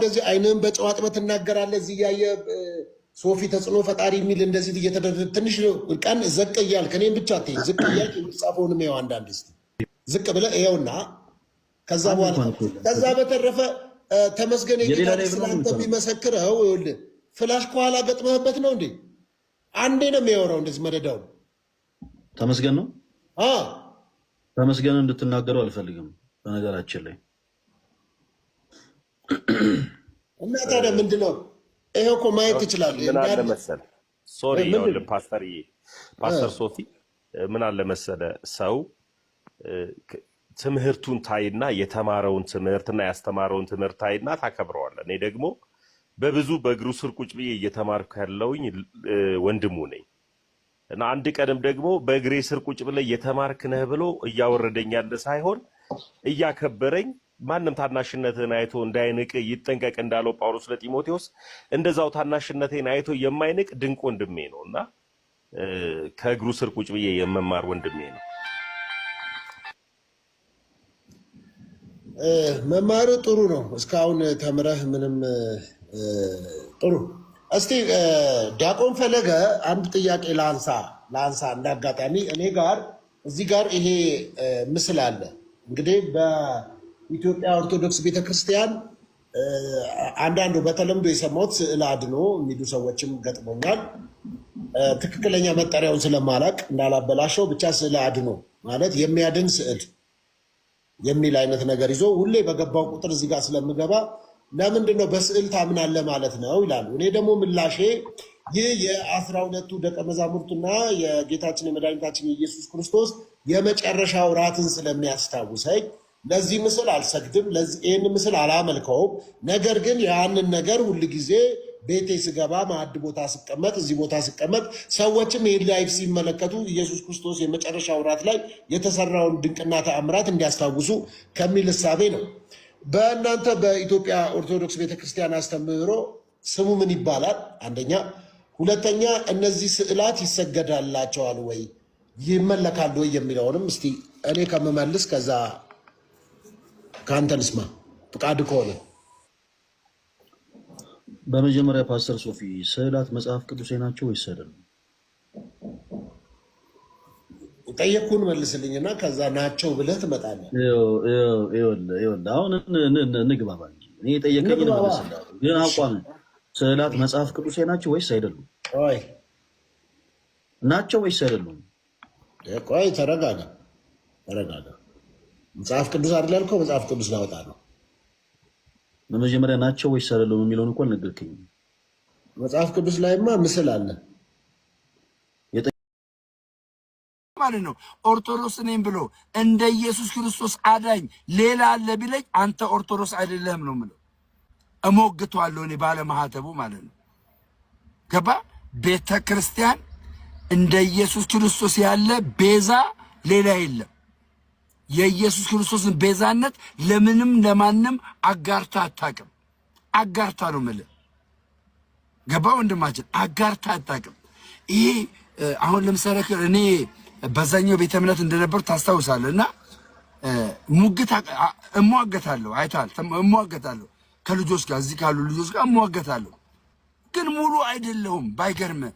እንደዚህ አይንህን በጨው አጥበህ እዚህ እያየ ሶፊ ተጽዕኖ ፈጣሪ የሚል እንደዚህ እየተደረ ትንሽ ቀን ዘቅ እያልክ እኔም ብቻ አትሄድ፣ ዝቅ እያልክ የሚጻፈውንም ያው አንዳንድ ስ ዝቅ ብለ ይኸውና። ከዛ በኋላ ከዛ በተረፈ ተመስገን የጌታ ስለአንተ የሚመሰክረው ይኸውልህ፣ ፍላሽ ከኋላ ገጥመህበት ነው እንዴ? አንዴ ነው የሚያወራው እንደዚህ መደዳው ተመስገን ነው ተመስገን እንድትናገረው አልፈልግም በነገራችን ላይ እና ታዲያ ምንድን ነው እኮ ማየት ትችላለህ። ምን አለ ሶሪ ፓስተርዬ፣ ፓስተር ሶፊ ምን አለ ሰው ትምህርቱን ታይና የተማረውን ትምህርትና ያስተማረውን ትምህርት ታይና ታከብረዋለህ። እኔ ደግሞ በብዙ በእግሩ ስር ቁጭ ብዬ እየተማርኩ ያለውኝ ወንድሙ ነኝ እና አንድ ቀንም ደግሞ በእግሬ ስር ቁጭ ብለህ እየተማርክ ነህ ብሎ እያወረደኝ ያለ ሳይሆን እያከበረኝ ማንም ታናሽነትህን አይቶ እንዳይንቅ ይጠንቀቅ እንዳለው ጳውሎስ ለጢሞቴዎስ እንደዛው ታናሽነቴን አይቶ የማይንቅ ድንቅ ወንድሜ ነው እና ከእግሩ ስር ቁጭ ብዬ የመማር ወንድሜ ነው። መማሩ ጥሩ ነው። እስካሁን ተምረህ ምንም ጥሩ። እስቲ ዲያቆን ፈለገ አንድ ጥያቄ ላንሳ ላንሳ እንዳጋጣሚ እኔ ጋር እዚህ ጋር ይሄ ምስል አለ እንግዲህ ኢትዮጵያ ኦርቶዶክስ ቤተክርስቲያን አንዳንዱ በተለምዶ የሰማሁት ስዕል አድኖ የሚሉ ሰዎችም ገጥሞኛል። ትክክለኛ መጠሪያውን ስለማላቅ እንዳላበላሸው ብቻ ስዕል አድኖ ማለት የሚያድን ስዕል የሚል አይነት ነገር ይዞ ሁሌ በገባው ቁጥር እዚህ ጋር ስለምገባ ለምንድን ነው በስዕል ታምናለህ ማለት ነው ይላሉ። እኔ ደግሞ ምላሼ ይህ የአስራ ሁለቱ ደቀ መዛሙርቱና የጌታችን የመድኃኒታችን የኢየሱስ ክርስቶስ የመጨረሻው እራትን ስለሚያስታውሰኝ ለዚህ ምስል አልሰግድም፣ ይህን ምስል አላመልከውም። ነገር ግን ያንን ነገር ሁል ጊዜ ቤቴ ስገባ፣ ማዕድ ቦታ ስቀመጥ፣ እዚህ ቦታ ስቀመጥ፣ ሰዎችም ይህን ላይፍ ሲመለከቱ ኢየሱስ ክርስቶስ የመጨረሻ ውራት ላይ የተሰራውን ድንቅና ተአምራት እንዲያስታውሱ ከሚል እሳቤ ነው። በእናንተ በኢትዮጵያ ኦርቶዶክስ ቤተክርስቲያን አስተምህሮ ስሙ ምን ይባላል? አንደኛ። ሁለተኛ እነዚህ ስዕላት ይሰገዳላቸዋል ወይ ይመለካሉ ወይ የሚለውንም እስቲ እኔ ከምመልስ ከዛ ከአንተ ልስማ ፍቃድ ከሆነ በመጀመሪያ ፓስተር ሶፊ ስዕላት መጽሐፍ ቅዱሴ ናቸው ወይስ አይደሉም? ጠየቅኩን እና ከዛ ናቸው ብለህ ትመጣለህ። አሁን እኔ የጠየቀኝ ግን አቋም ስዕላት መጽሐፍ ቅዱሴ ናቸው ወይስ አይደሉም? ናቸው ወይስ አይደሉም? ቆይ ተረጋጋ፣ ተረጋጋ መጽሐፍ ቅዱስ አይደል ያልከው? መጽሐፍ ቅዱስ ላወጣ ነው። በመጀመሪያ ናቸው ወይስ አይደለም የሚለውን እኮ አልነገርከኝም። መጽሐፍ ቅዱስ ላይማ ምስል አለ ማለት ነው። ኦርቶዶክስ ነኝ ብሎ እንደ ኢየሱስ ክርስቶስ አዳኝ ሌላ አለ ቢለኝ አንተ ኦርቶዶክስ አይደለህም ነው የምለው። እሞግቷለሁ እኔ ባለማህተቡ ማለት ነው። ገባ ቤተ ክርስቲያን እንደ ኢየሱስ ክርስቶስ ያለ ቤዛ ሌላ የለም። የኢየሱስ ክርስቶስን ቤዛነት ለምንም ለማንም አጋርታ አታቅም። አጋርታ ነው የምልህ ገባ ወንድማችን፣ አጋርታ አታቅም። ይሄ አሁን ለምሳሌ እኔ በዛኛው ቤተ እምነት እንደነበር ታስታውሳለህ እና ሙግት እሟገታለሁ፣ አይተሃል፣ እሟገታለሁ ከልጆች ጋር እዚህ ካሉ ልጆች ጋር እሟገታለሁ። ግን ሙሉ አይደለሁም። ባይገርምህ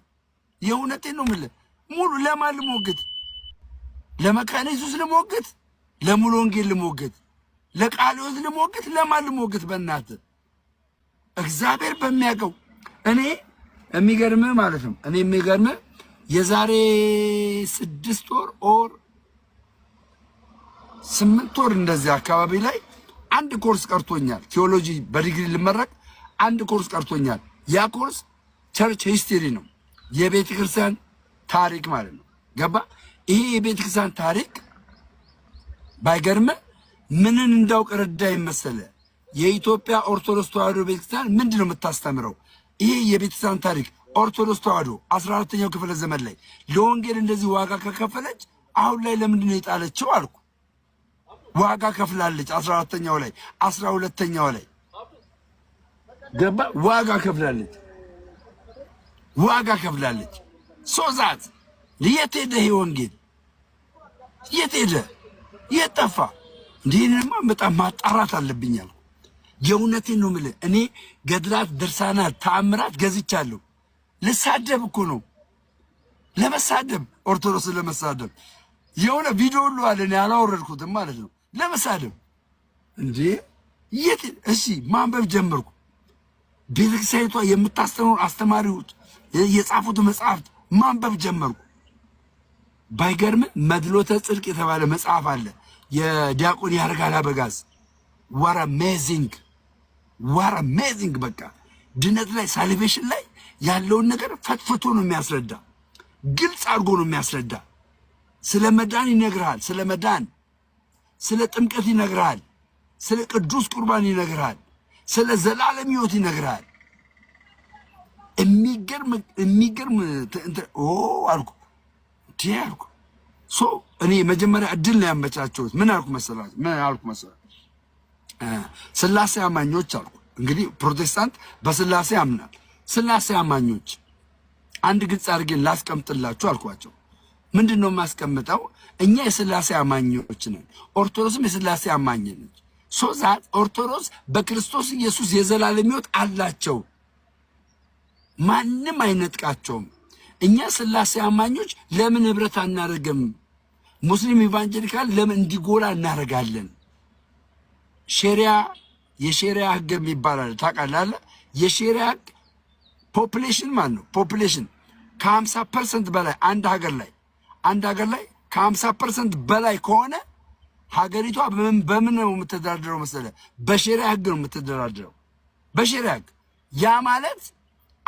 የእውነቴን ነው የምልህ ሙሉ ለማን ልሞግት? ለመካነ ኢየሱስ ልሞግት ለሙሉ ወንጌል ልሞግት፣ ለቃልዮት ሕይወት ልሞግት፣ ለማን ልሞግት? በእናት እግዚአብሔር በሚያውቀው እኔ የሚገርም ማለት ነው። እኔ የሚገርም የዛሬ ስድስት ወር ኦር ስምንት ወር እንደዚህ አካባቢ ላይ አንድ ኮርስ ቀርቶኛል። ቴዎሎጂ በዲግሪ ልመረቅ አንድ ኮርስ ቀርቶኛል። ያ ኮርስ ቸርች ሂስትሪ ነው፣ የቤተ ክርስቲያን ታሪክ ማለት ነው። ገባ ይሄ የቤተ ክርስቲያን ታሪክ ባይገርመ ምንን እንዳውቅ ረዳኝ መሰለ። የኢትዮጵያ ኦርቶዶክስ ተዋሕዶ ቤተክርስቲያን ምንድን ነው የምታስተምረው? ይህ የቤተክርስቲያን ታሪክ ኦርቶዶክስ ተዋህዶ 14ኛው ክፍለ ዘመን ላይ ለወንጌል እንደዚህ ዋጋ ከከፈለች አሁን ላይ ለምንድን ነው የጣለችው አልኩ። ዋጋ ከፍላለች። አራተኛው ላይ 12 ሁለተኛው ላይ ገባ ዋጋ ከፍላለች። ዋጋ ከፍላለች። ሶዛት የት ሄደ ይሄ ወንጌል የት ሄደ? የት ጠፋ? እንዲህንማ በጣም ማጣራት አለብኛል። የእውነቴን ነው የምልህ። እኔ ገድላት፣ ድርሳናት፣ ተአምራት ገዝቻለሁ። ልሳደብ እኮ ነው ለመሳደብ፣ ኦርቶዶክስን ለመሳደብ የሆነ ቪዲዮ ሁሉ አለ። እኔ አላወረድኩትም ማለት ነው ለመሳደብ። እንዴ የት እሺ፣ ማንበብ ጀመርኩ። ቤተክርስቲያኒቷ የምታስተምሩ አስተማሪዎች የጻፉት መጽሐፍት ማንበብ ጀመርኩ። ባይገርም መድሎተ ጽድቅ የተባለ መጽሐፍ አለ የዲያቆን ያርጋል አበጋዝ ዋር አሜዚንግ ዋር አሜዚንግ። በቃ ድነት ላይ ሳልቬሽን ላይ ያለውን ነገር ፈትፍቶ ነው የሚያስረዳ፣ ግልጽ አድርጎ ነው የሚያስረዳ። ስለ መዳን ይነግርሃል፣ ስለ መዳን፣ ስለ ጥምቀት ይነግርሃል፣ ስለ ቅዱስ ቁርባን ይነግርሃል፣ ስለ ዘላለም ሕይወት ይነግርሃል። የሚገርም የሚገርም አልኩ አልኩ ሶ እኔ መጀመሪያ እድል ነው ያመቻቸውት። ምን አልኩ መሰላት? ምን አልኩ መሰላት? ስላሴ አማኞች አልኩ። እንግዲህ ፕሮቴስታንት በስላሴ ያምናል። ስላሴ አማኞች አንድ ግልጽ አድርጌን ላስቀምጥላችሁ አልኳቸው። ምንድን ነው የማስቀምጠው? እኛ የስላሴ አማኞች ነን፣ ኦርቶዶክስም የስላሴ አማኝ ነች። ሶዛ ኦርቶዶክስ በክርስቶስ ኢየሱስ የዘላለም ሕይወት አላቸው፣ ማንም አይነጥቃቸውም። እኛ ስላሴ አማኞች ለምን ህብረት አናደርግም? ሙስሊም ኢቫንጀሊካል ለምን እንዲጎላ እናደርጋለን? ሼሪያ የሼሪያ ህግ የሚባላል አለ ታውቃለህ የሼሪያ ህግ ፖፕሌሽን ማለት ነው። ፖፕሌሽን ከሀምሳ ፐርሰንት በላይ አንድ ሀገር ላይ አንድ ሀገር ላይ ከሀምሳ ፐርሰንት በላይ ከሆነ ሀገሪቷ በምን ነው የምትደራደረው መሰለ? በሼሪያ ህግ ነው የምትደራደረው፣ በሼሪያ ህግ። ያ ማለት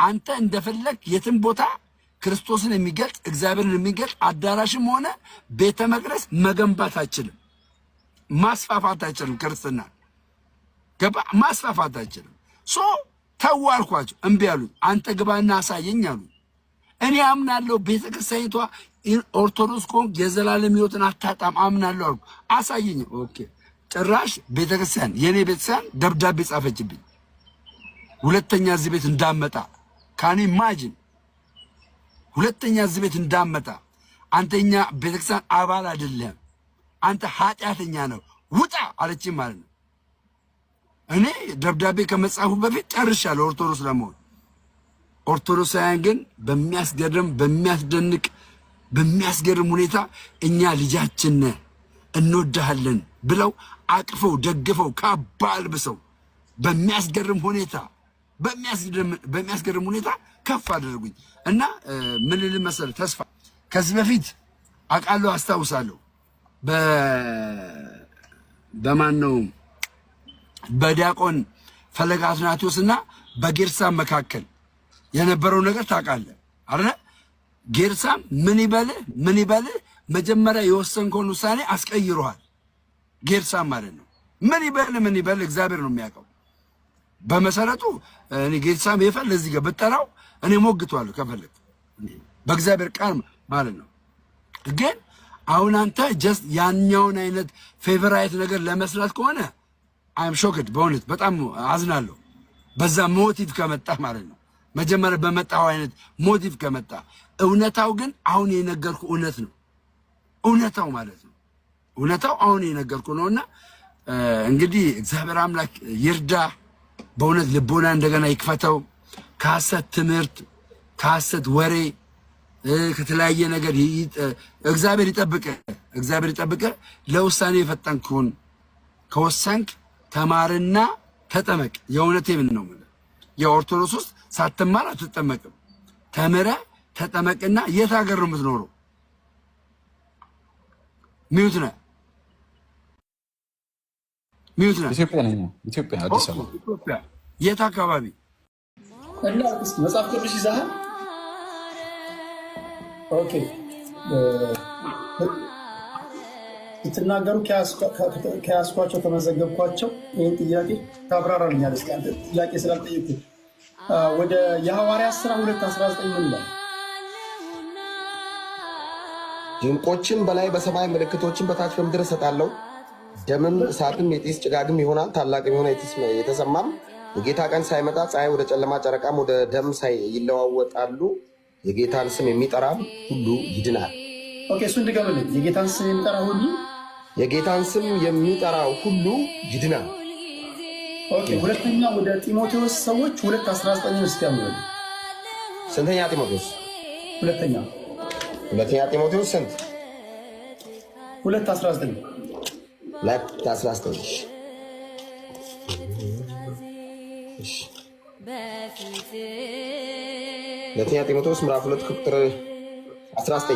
አንተ እንደፈለግ የትም ቦታ ክርስቶስን የሚገልጽ እግዚአብሔርን የሚገልጽ አዳራሽም ሆነ ቤተ መቅደስ መገንባት አይችልም፣ ማስፋፋት አይችልም። ክርስትና ገባ ማስፋፋት አይችልም። ሶ ተው አልኳቸው፣ እምቢ አሉኝ። አንተ ግባና አሳየኝ አሉ። እኔ አምናለሁ ቤተ ክርስቲያኒቷ ኦርቶዶክስ ከሆንክ የዘላለም ሕይወትን አታጣም አምናለሁ አልኩ። አሳየኝ። ኦኬ ጭራሽ ቤተ ክርስቲያን የእኔ ቤተክርስቲያን ደብዳቤ ጻፈችብኝ፣ ሁለተኛ እዚህ ቤት እንዳመጣ ካኔ ማጅን ሁለተኛ እዚህ ቤት እንዳመጣ አንተኛ ቤተክርስቲያን አባል አይደለም፣ አንተ ኃጢአተኛ ነው ውጣ አለች ማለት ነው። እኔ ደብዳቤ ከመጻፉ በፊት ጨርሻለሁ ኦርቶዶክስ ለመሆን። ኦርቶዶክሳውያን ግን በሚያስገርም በሚያስደንቅ በሚያስገርም ሁኔታ እኛ ልጃችን እንወድሃለን ብለው አቅፈው ደግፈው ካባ አልብሰው በሚያስገርም ሁኔታ በሚያስገርም ሁኔታ ከፍ አደረጉኝ እና ምን ልል ተስፋ ከዚህ በፊት አውቃለሁ፣ አስታውሳለሁ በማን ነው በዲያቆን ፈለገ አትናቴዎስ እና በጌርሳ መካከል የነበረው ነገር ታውቃለህ አረ ጌርሳም ምን ይበልህ ምን ይበልህ መጀመሪያ የወሰንከውን ውሳኔ አስቀይሮሃል። ጌርሳም ማለት ነው ምን ይበልህ ምን ይበልህ እግዚአብሔር ነው የሚያውቀው። በመሰረቱ እኔ ጌትሳም የፈል እዚህ ጋር ብጠራው እኔ ሞግቷለሁ ከፈለግ በእግዚአብሔር ቃል ማለት ነው። ግን አሁን አንተ ጀስት ያኛውን አይነት ፌቨራይት ነገር ለመስራት ከሆነ አይም ሾክድ በእውነት በጣም አዝናለሁ። በዛ ሞቲቭ ከመጣ ማለት ነው መጀመሪያ በመጣው አይነት ሞቲቭ ከመጣ እውነታው ግን አሁን የነገርኩ እውነት ነው። እውነታው ማለት ነው እውነታው አሁን የነገርኩ ነውና እንግዲህ እግዚአብሔር አምላክ ይርዳ። በእውነት ልቦና እንደገና ይክፈተው። ከሐሰት ትምህርት፣ ከሐሰት ወሬ፣ ከተለያየ ነገር እግዚአብሔር ይጠብቀ፣ እግዚአብሔር ይጠብቅ። ለውሳኔ የፈጠንክሁን ከወሰንክ ተማርና ተጠመቅ። የእውነቴ ምን ነው የኦርቶዶክስ ውስጥ ሳትማር አትጠመቅም። ተምረ ተጠመቅና የት ሀገር ነው የምትኖረው? ሚዩት ነህ ሚዩት ኢትዮጵያ ነኝ። ኢትዮጵያ አዲስ አበባ። ኢትዮጵያ የት አካባቢ? እና መጽሐፍ ቅዱስ ይዘሃል? ኦኬ። ስትናገሩ ከያዝኳቸው ከመዘገብኳቸው ይህን ጥያቄ ታብራራልኛለህ። ጥያቄ ስላልጠየኩህ ወደ የሐዋርያት ሥራ 2፡19 ምን ይላል? ድንቆችን በላይ በሰማይ ምልክቶችን በታች በምድር እሰጣለሁ ደምም እሳትም የጢስ ጭጋግም ይሆናል። ታላቅም የሆነ የተሰማም የጌታ ቀን ሳይመጣ ፀሐይ ወደ ጨለማ ጨረቃም ወደ ደም ይለዋወጣሉ። የጌታን ስም የሚጠራም ሁሉ ይድናል። እሱ እንድገምልኝ የጌታን ስም የሚጠራ ሁሉ የጌታን ስም የሚጠራ ሁሉ ይድናል። ሁለተኛ ወደ ጢሞቴዎስ ሰዎች ሁለት 19 ውስጥ ያምሩ። ስንተኛ ጢሞቴዎስ? ሁለተኛ ሁለተኛ ጢሞቴዎስ ስንት? ሁለት 19 ሁለተኛ ጢሞቴዎስ ምዕራፍ 2 ቁጥር 19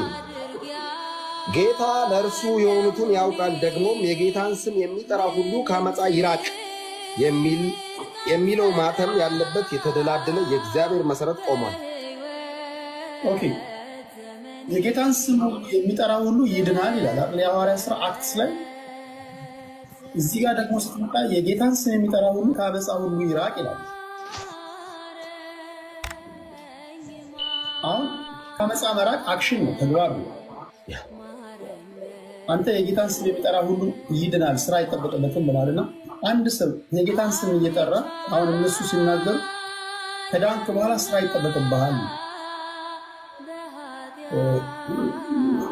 ጌታ ለእርሱ የሆኑትን ያውቃል፣ ደግሞም የጌታን ስም የሚጠራ ሁሉ ከአመፃ ይራቅ የሚለው ማተም ያለበት የተደላደለ የእግዚአብሔር መሰረት ቆሟል። የጌታን ስም የሚጠራ ሁሉ ይድናል ይላል የሐዋርያ ሥራ አክትስ ላይ እዚህ ጋር ደግሞ ስትመጣ የጌታን ስም የሚጠራ ሁሉ ከአበፃ ሁሉ ይራቅ ይላል። አሁን ከአመፃ መራቅ አክሽን ነው፣ ተግባር ነው። አንተ የጌታን ስም የሚጠራ ሁሉ ይድናል፣ ስራ አይጠበቅበትም ብላልና አንድ ሰው የጌታን ስም እየጠራ አሁን እነሱ ሲናገሩ ከዳንክ በኋላ ስራ ይጠበቅብሃል።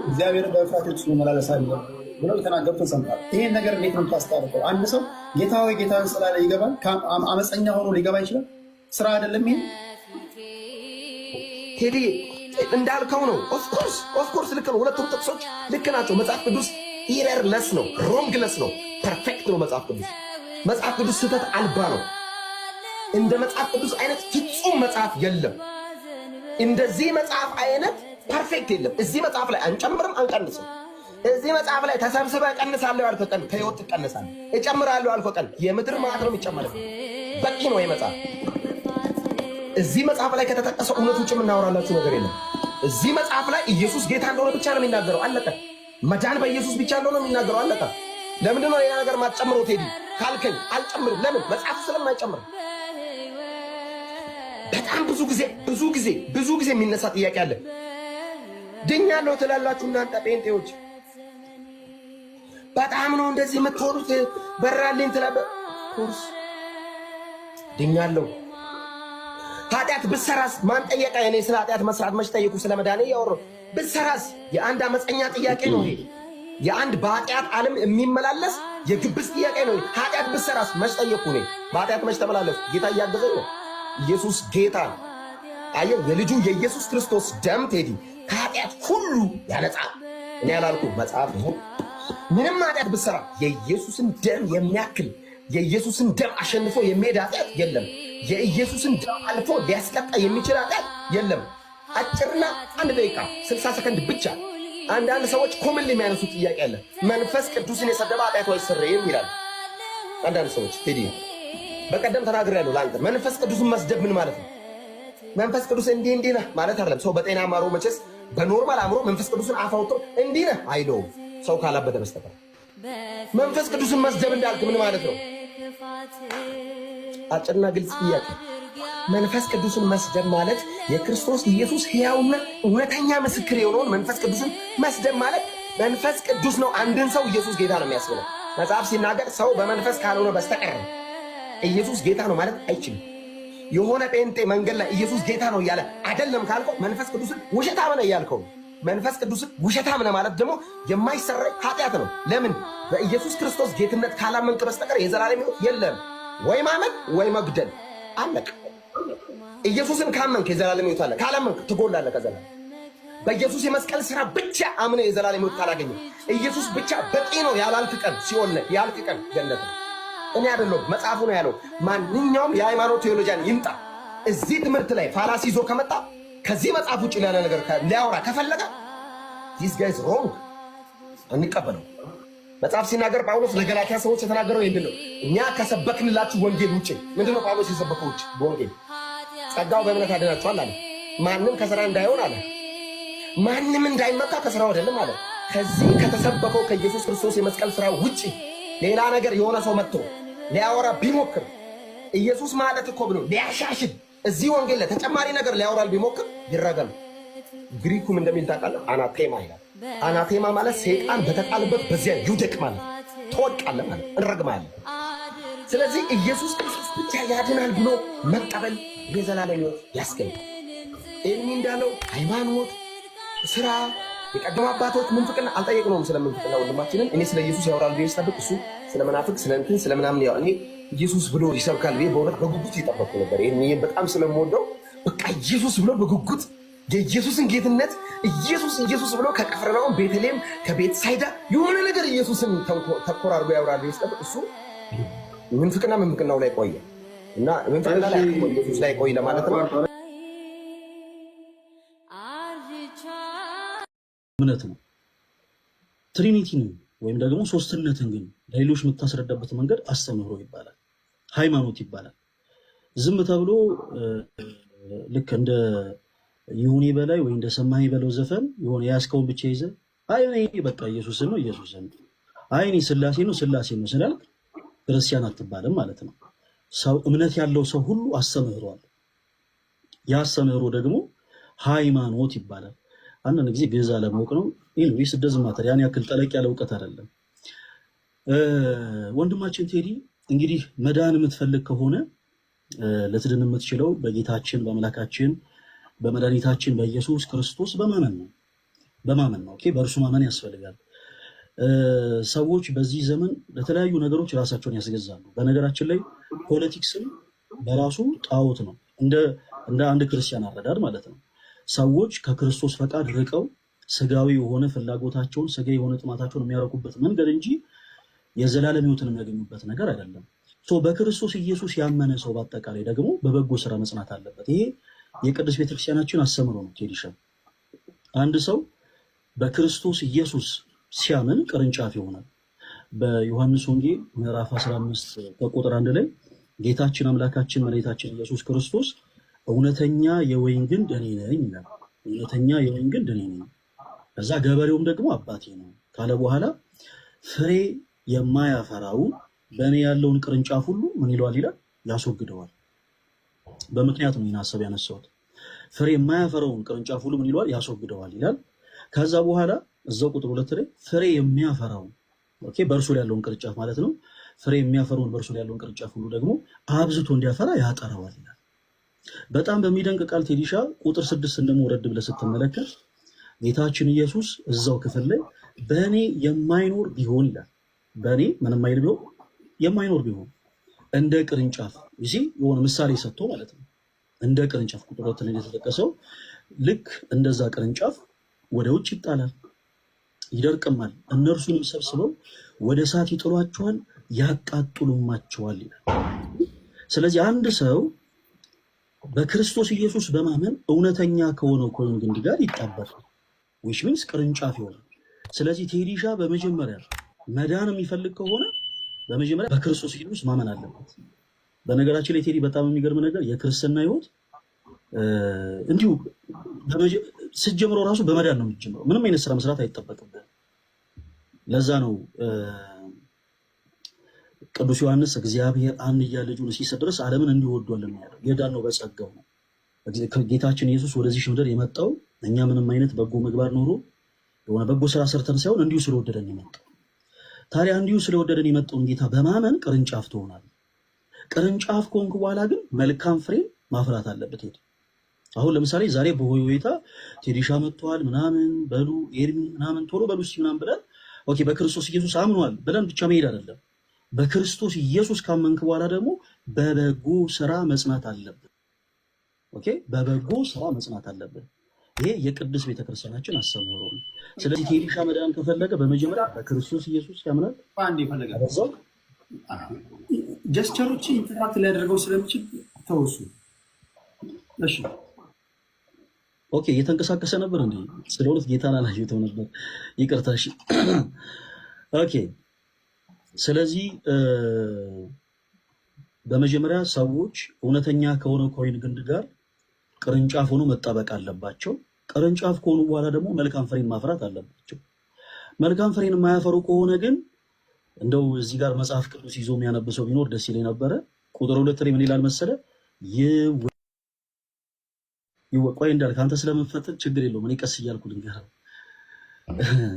እግዚአብሔር በፍራቶች መመላለስ አለ ብለው የተናገሩትን ሰምታል። ይሄን ነገር እንዴት ነው የምታስታርቀው? አንድ ሰው ጌታ ወይ ጌታን ስላለ ይገባል። አመፀኛ ሆኖ ሊገባ ይችላል። ስራ አይደለም ይሄ ቴዲ እንዳልከው ነው። ኦፍኮርስ ኦፍኮርስ ልክ ነው። ሁለቱም ጥቅሶች ልክ ናቸው። መጽሐፍ ቅዱስ ኢረርለስ ነው፣ ሮንግለስ ነው፣ ፐርፌክት ነው። መጽሐፍ ቅዱስ መጽሐፍ ቅዱስ ስህተት አልባ ነው። እንደ መጽሐፍ ቅዱስ አይነት ፍጹም መጽሐፍ የለም። እንደዚህ መጽሐፍ አይነት ፐርፌክት የለም። እዚህ መጽሐፍ ላይ አንጨምርም፣ አንቀንስም። እዚህ መጽሐፍ ላይ ተሰብስበ ቀንሳለሁ ያልከው ቀን ከህይወት እጨምራለሁ ያልከው ቀን የምድር ማለት ነው በቂ ነው መጽሐፍ። እዚህ መጽሐፍ ላይ ከተጠቀሰው እውነት ውጭ የምናወራላችሁ ነገር የለም። እዚህ መጽሐፍ ላይ ኢየሱስ ጌታ እንደሆነ ብቻ ነው የሚናገረው። አለቀ። መዳን በኢየሱስ ብቻ እንደሆነ የሚናገረው። አለቀ። ለምንድን ነው ሌላ ነገር ማትጨምረው? ቴዲ ካልከኝ አልጨምርም። ለምን? መጽሐፍ ስለማይጨምር። በጣም ብዙ ጊዜ ብዙ ጊዜ ብዙ ጊዜ የሚነሳ ጥያቄ አለ። ድኛለሁ ትላላችሁ እናንተ ጴንጤዎች በጣም ነው እንደዚህ የምትወዱት፣ በራልኝ ትላለ። ኮርስ ድኛለሁ። ኃጢአት ብሰራስ ማን ጠየቀ? እኔ ስለ ኃጢአት መስራት መች ጠየቁ? ስለ መዳኔ እያወራሁ ብሰራስ የአንድ አመፀኛ ጥያቄ ነው የአንድ በኃጢአት ዓለም የሚመላለስ የግብስ ጥያቄ ነው። ኃጢአት ብሰራስ መች ጠየቁ? እኔ በኃጢአት መች ተመላለሱ? ጌታ እያገዘ ነው። ኢየሱስ ጌታ ነው። አየው። የልጁ የኢየሱስ ክርስቶስ ደም ቴዲ ከኃጢአት ሁሉ ያነጻል። እኔ ያላልኩ መጽሐፍ ነው። ምንም ኃጢአት ብሰራ የኢየሱስን ደም የሚያክል የኢየሱስን ደም አሸንፎ የሚሄድ ኃጢአት የለም። የኢየሱስን ደም አልፎ ሊያስቀጣ የሚችል ኃጢአት የለም። አጭርና አንድ ደቂቃ ስልሳ ሰከንድ ብቻ። አንዳንድ ሰዎች ኮምን የሚያነሱ ጥያቄ አለ። መንፈስ ቅዱስን የሰደበ ኃጢአቱ አይሰረይም ይላል። አንዳንድ ሰዎች ቴዲ በቀደም ተናግሬያለሁ። ለአንተ መንፈስ ቅዱስን መስደብ ምን ማለት ነው? መንፈስ ቅዱስ እንዲህ እንዲህ ነህ ማለት አይደለም። ሰው በጤና አማሮ መቼስ በኖርማል አእምሮ መንፈስ ቅዱስን አፋውቶ እንዲህ ነህ አይለውም። ሰው ካላበደ በስተቀር መንፈስ ቅዱስን መስደብ እንዳልክ ምን ማለት ነው? አጭርና ግልጽ ጥያቄ። መንፈስ ቅዱስን መስደብ ማለት የክርስቶስ ኢየሱስ ሕያውና እውነተኛ ምስክር የሆነውን መንፈስ ቅዱስን መስደብ ማለት መንፈስ ቅዱስ ነው አንድን ሰው ኢየሱስ ጌታ ነው የሚያስብለው። መጽሐፍ ሲናገር ሰው በመንፈስ ካልሆነ በስተቀር ኢየሱስ ጌታ ነው ማለት አይችልም። የሆነ ጴንጤ መንገድ ላይ ኢየሱስ ጌታ ነው እያለ አይደለም ካልከው መንፈስ ቅዱስን ውሸታም ነው እያልከው መንፈስ ቅዱስን ውሸታም ነህ ማለት ደግሞ የማይሰረይ ኃጢአት ነው። ለምን በኢየሱስ ክርስቶስ ጌትነት ካላመንክ በስተቀር የዘላለም ሕይወት የለም። ወይ ማመን ወይ መግደል አለቅ። ኢየሱስን ካመንክ የዘላለም ሕይወት አለ፣ ካላመንክ ትጎላለህ። ከዘላለም በኢየሱስ የመስቀል ስራ ብቻ አምነ የዘላለም ሕይወት ካላገኘ ኢየሱስ ብቻ በቂ ነው ያላልክ ቀን ሲሆን ያልክ ቀን ገነት ነው። እኔ አይደለሁም መጽሐፉ ነው ያለው። ማንኛውም የሃይማኖት ቴዎሎጂያን ይምጣ እዚህ ትምህርት ላይ ፋላሲ ይዞ ከመጣ ከዚህ መጽሐፍ ውጭ ሌላ ነገር ሊያወራ ከፈለገ ዚስ ጋይስ ሮንግ አንቀበለው። መጽሐፍ ሲናገር ጳውሎስ ለገላትያ ሰዎች የተናገረው ይህን ነው። እኛ ከሰበክንላችሁ ወንጌል ውጭ ምንድነው ጳውሎስ የሰበከው? ውጭ በወንጌል ጸጋው በእምነት አድናችኋል አለ። ማንም ከስራ እንዳይሆን አለ። ማንም እንዳይመካ ከስራው አይደለም አለ። ከዚህ ከተሰበከው ከኢየሱስ ክርስቶስ የመስቀል ስራ ውጭ ሌላ ነገር የሆነ ሰው መጥቶ ሊያወራ ቢሞክር ኢየሱስ ማለት እኮ ብሎ ሊያሻሽል እዚህ ወንጌል ላይ ተጨማሪ ነገር ሊያወራል ቢሞክር ይረገም። ግሪኩም እንደሚል ታውቃለህ፣ አናቴማ ይላል። አናቴማ ማለት ሰይጣን በተቃለበት በዚያ ይውደቅ ማለት ትወድቃለህ ማለት እንረግማለን። ስለዚህ ኢየሱስ ክርስቶስ ብቻ ያድናል ብሎ መቀበል የዘላለም ሕይወት ያስገኛል። ኤልሚ እንዳለው ሃይማኖት፣ ስራ፣ የቀደሙ አባቶች ምንፍቅና አልጠየቅነውም። ስለምንፍቅና ወንድማችንን እኔ ስለ ኢየሱስ ያወራል ብዬ ስጠብቅ እሱ ስለ ስለመናፍቅ ስለእንትን ስለምናምን ያው እኔ ኢየሱስ ብሎ ይሰብካል ብዬ በእውነት በጉጉት የጠበቅኩ ነበር። ይህን በጣም ስለምወደው በቃ ኢየሱስ ብሎ በጉጉት የኢየሱስን ጌትነት ኢየሱስ ኢየሱስ ብሎ ከቅፍርናሆም ቤተልሔም ከቤተሳይዳ የሆነ ነገር ኢየሱስን ተኮራርጎ ያውራል ስጠብቅ እሱ ምንፍቅና ምንፍቅናው ላይ ቆየ እና ምንፍቅና ላይ ኢየሱስ ላይ ቆይ ለማለት ነው። እምነት ነው፣ ትሪኒቲ ነው። ወይም ደግሞ ሶስትነትን ግን ለሌሎች የምታስረዳበት መንገድ አስተምህሮ ይባላል፣ ሃይማኖት ይባላል። ዝም ተብሎ ልክ እንደ ይሁኔ በላይ ወይ እንደ ሰማይ በለው ዘፈን የሆነ የያዝከውን ብቻ ይዘ አይ በቃ ኢየሱስ ነው ኢየሱስ ነው አይ እኔ ስላሴ ነው ስላሴ ነው ስላልክ ክርስቲያን አትባልም ማለት ነው። ሰው እምነት ያለው ሰው ሁሉ አስተምህሯል። ያ አስተምህሮ ደግሞ ሃይማኖት ይባላል። አንዳንድ ጊዜ ግዕዝ አለማወቅ ነው። ኤኒዌይስ ደዝ ማተር ያን ያክል ጠለቅ ያለ እውቀት አይደለም። ወንድማችን ቴዲ እንግዲህ መዳን የምትፈልግ ከሆነ ልትድን የምትችለው በጌታችን በአምላካችን በመድኃኒታችን በኢየሱስ ክርስቶስ በማመን ነው። በማመን ነው። ኦኬ፣ በእርሱ ማመን ያስፈልጋል። ሰዎች በዚህ ዘመን ለተለያዩ ነገሮች ራሳቸውን ያስገዛሉ። በነገራችን ላይ ፖለቲክስም በራሱ ጣዖት ነው፣ እንደ አንድ ክርስቲያን አረዳድ ማለት ነው። ሰዎች ከክርስቶስ ፈቃድ ርቀው ስጋዊ የሆነ ፍላጎታቸውን ስጋ የሆነ ጥማታቸውን የሚያረቁበት መንገድ እንጂ የዘላለም ህይወትን የሚያገኙበት ነገር አይደለም። በክርስቶስ ኢየሱስ ያመነ ሰው በአጠቃላይ ደግሞ በበጎ ስራ መጽናት አለበት። ይሄ የቅዱስ ቤተክርስቲያናችን አስተምሮ ነው። ቴዲሻ አንድ ሰው በክርስቶስ ኢየሱስ ሲያምን ቅርንጫፍ ይሆናል። በዮሐንስ ወንጌል ምዕራፍ 15 ከቁጥር አንድ ላይ ጌታችን አምላካችን መድኃኒታችን ኢየሱስ ክርስቶስ እውነተኛ የወይን ግንድ እኔ ነኝ ይላል። እውነተኛ የወይን ግንድ እኔ ነኝ ከዛ ገበሬውም ደግሞ አባቴ ነው ካለ በኋላ ፍሬ የማያፈራውን በእኔ ያለውን ቅርንጫፍ ሁሉ ምን ይለዋል ይላል ያስወግደዋል። በምክንያት ነው ይህን ሀሳብ ያነሳሁት። ፍሬ የማያፈራውን ቅርንጫፍ ሁሉ ምን ይለዋል ያስወግደዋል ይላል። ከዛ በኋላ እዛው ቁጥር ሁለት ላይ ፍሬ የሚያፈራውን ኦኬ፣ በእርሱ ላይ ያለውን ቅርንጫፍ ማለት ነው። ፍሬ የሚያፈራውን በእርሱ ላይ ያለውን ቅርንጫፍ ሁሉ ደግሞ አብዝቶ እንዲያፈራ ያጠረዋል ይላል። በጣም በሚደንቅ ቃል ቴዲሻ ቁጥር ስድስት እንደመውረድ ብለህ ስትመለከት ጌታችን ኢየሱስ እዛው ክፍል ላይ በእኔ የማይኖር ቢሆን ይላል። በእኔ ምንም አይል ቢሆን የማይኖር ቢሆን እንደ ቅርንጫፍ ይዚ የሆነ ምሳሌ ሰጥቶ ማለት ነው። እንደ ቅርንጫፍ ቁጥሮት ላይ የተጠቀሰው ልክ እንደዛ ቅርንጫፍ ወደ ውጭ ይጣላል፣ ይደርቅማል፣ እነርሱንም ሰብስበው ወደ እሳት ይጥሏቸዋል፣ ያቃጥሉማቸዋል ይላል። ስለዚህ አንድ ሰው በክርስቶስ ኢየሱስ በማመን እውነተኛ ከሆነው ከወንግንድ ጋር ይጣበቃል። ዊች ሚንስ ቅርንጫፍ ይሆናል። ስለዚህ ቴዲሻ በመጀመሪያ መዳን የሚፈልግ ከሆነ በመጀመሪያ በክርስቶስ ኢየሱስ ማመን አለበት። በነገራችን ላይ ቴዲ በጣም የሚገርም ነገር የክርስትና ህይወት እንዲሁ ስትጀምረው ራሱ በመዳን ነው የሚጀምረው። ምንም አይነት ስራ መስራት አይጠበቅብህም። ለዛ ነው ቅዱስ ዮሐንስ እግዚአብሔር አንድያ ልጁን ሲሰጥ ድረስ ዓለምን እንዲወዷል የሚያለው የዳነው በጸጋው ነው። ጌታችን ኢየሱስ ወደዚህ ምድር የመጣው እኛ ምንም አይነት በጎ ምግባር ኖሮ የሆነ በጎ ስራ ሰርተን ሳይሆን እንዲሁ ስለወደደን የመጣው። ታዲያ እንዲሁ ስለወደደን የመጣውን ጌታ በማመን ቅርንጫፍ ትሆናል። ቅርንጫፍ ከሆንክ በኋላ ግን መልካም ፍሬ ማፍራት አለበት። አሁን ለምሳሌ ዛሬ በሆይ ሁኔታ ቴዲሻ መጥተዋል ምናምን በሉ ኤርሚ ምናምን ቶሎ በሉ እስኪ ምናምን ብለን ኦኬ በክርስቶስ ኢየሱስ አምኗል ብለን ብቻ መሄድ አይደለም። በክርስቶስ ኢየሱስ ካመንክ በኋላ ደግሞ በበጎ ስራ መጽናት አለብን። ኦኬ በበጎ ስራ መጽናት አለብን። ይሄ የቅዱስ ቤተክርስቲያናችን አስተምህሮ ነው። ስለዚህ ቴዲሻ መዳን ከፈለገ በመጀመሪያ በክርስቶስ ኢየሱስ ያምናል። ጀስቸሮች ኢንተራክት ሊያደርገው ስለሚችል ተወሱ። እሺ ኦኬ እየተንቀሳቀሰ ነበር እንዲ ስለ ሁለት ጌታን አላየሁትም ነበር፣ ይቅርታ። ኦኬ። ስለዚህ በመጀመሪያ ሰዎች እውነተኛ ከሆነ ኮይን ግንድ ጋር ቅርንጫፍ ሆኖ መጣበቅ አለባቸው። ቅርንጫፍ ከሆኑ በኋላ ደግሞ መልካም ፍሬን ማፍራት አለባቸው። መልካም ፍሬን የማያፈሩ ከሆነ ግን እንደው እዚህ ጋር መጽሐፍ ቅዱስ ይዞ የሚያነብሰው ቢኖር ደስ ይለኝ ነበረ። ቁጥር ሁለት ላይ ምን ይላል መሰለ? ይወቋይ እንዳል ከአንተ ስለምንፈጥር ችግር የለውም እኔ ቀስ እያልኩ ልንገርህ።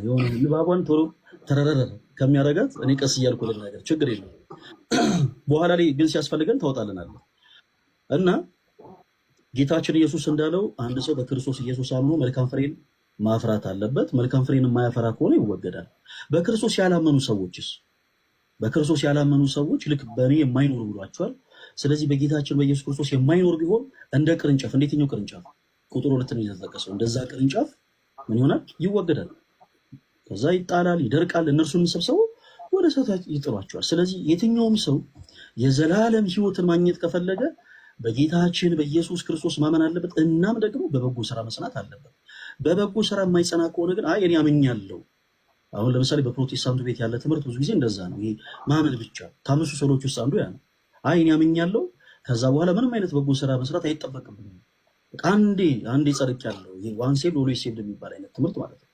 የሆነ ንባቧን ቶሎ ተረረረ ከሚያረጋት እኔ ቀስ እያልኩ ልናገር ችግር የለውም። በኋላ ላይ ግን ሲያስፈልገን ታወጣልናለ እና ጌታችን ኢየሱስ እንዳለው አንድ ሰው በክርስቶስ ኢየሱስ አምኖ መልካም ፍሬን ማፍራት አለበት። መልካም ፍሬን የማያፈራ ከሆነ ይወገዳል። በክርስቶስ ያላመኑ ሰዎችስ? በክርስቶስ ያላመኑ ሰዎች ልክ በእኔ የማይኖር ብሏቸዋል። ስለዚህ በጌታችን በኢየሱስ ክርስቶስ የማይኖር ቢሆን እንደ ቅርንጫፍ እንዴትኛው ቅርንጫፍ ቁጥር ሁለት ነው የተጠቀሰው። እንደዛ ቅርንጫፍ ምን ይሆናል? ይወገዳል። ከዛ ይጣላል፣ ይደርቃል። እነርሱ የምሰብሰቡ ወደ እሳት ይጥሏቸዋል። ስለዚህ የትኛውም ሰው የዘላለም ሕይወትን ማግኘት ከፈለገ በጌታችን በኢየሱስ ክርስቶስ ማመን አለበት። እናም ደግሞ በበጎ ስራ መጽናት አለበት። በበጎ ስራ የማይጸና ከሆነ ግን አይ እኔ አምኛለሁ። አሁን ለምሳሌ በፕሮቴስታንቱ ቤት ያለ ትምህርት ብዙ ጊዜ እንደዛ ነው። ይሄ ማመን ብቻ ከአምስቱ ሰሎች ውስጥ አንዱ ያ ነው። አይ እኔ አምኛለሁ፣ ከዛ በኋላ ምንም አይነት በጎ ስራ መስራት አይጠበቅብኝም። አንዴ አንዴ ጸድቄያለሁ፣ ያለው ሴቭድ ሎሎ ሴብ የሚባል አይነት ትምህርት ማለት ነው።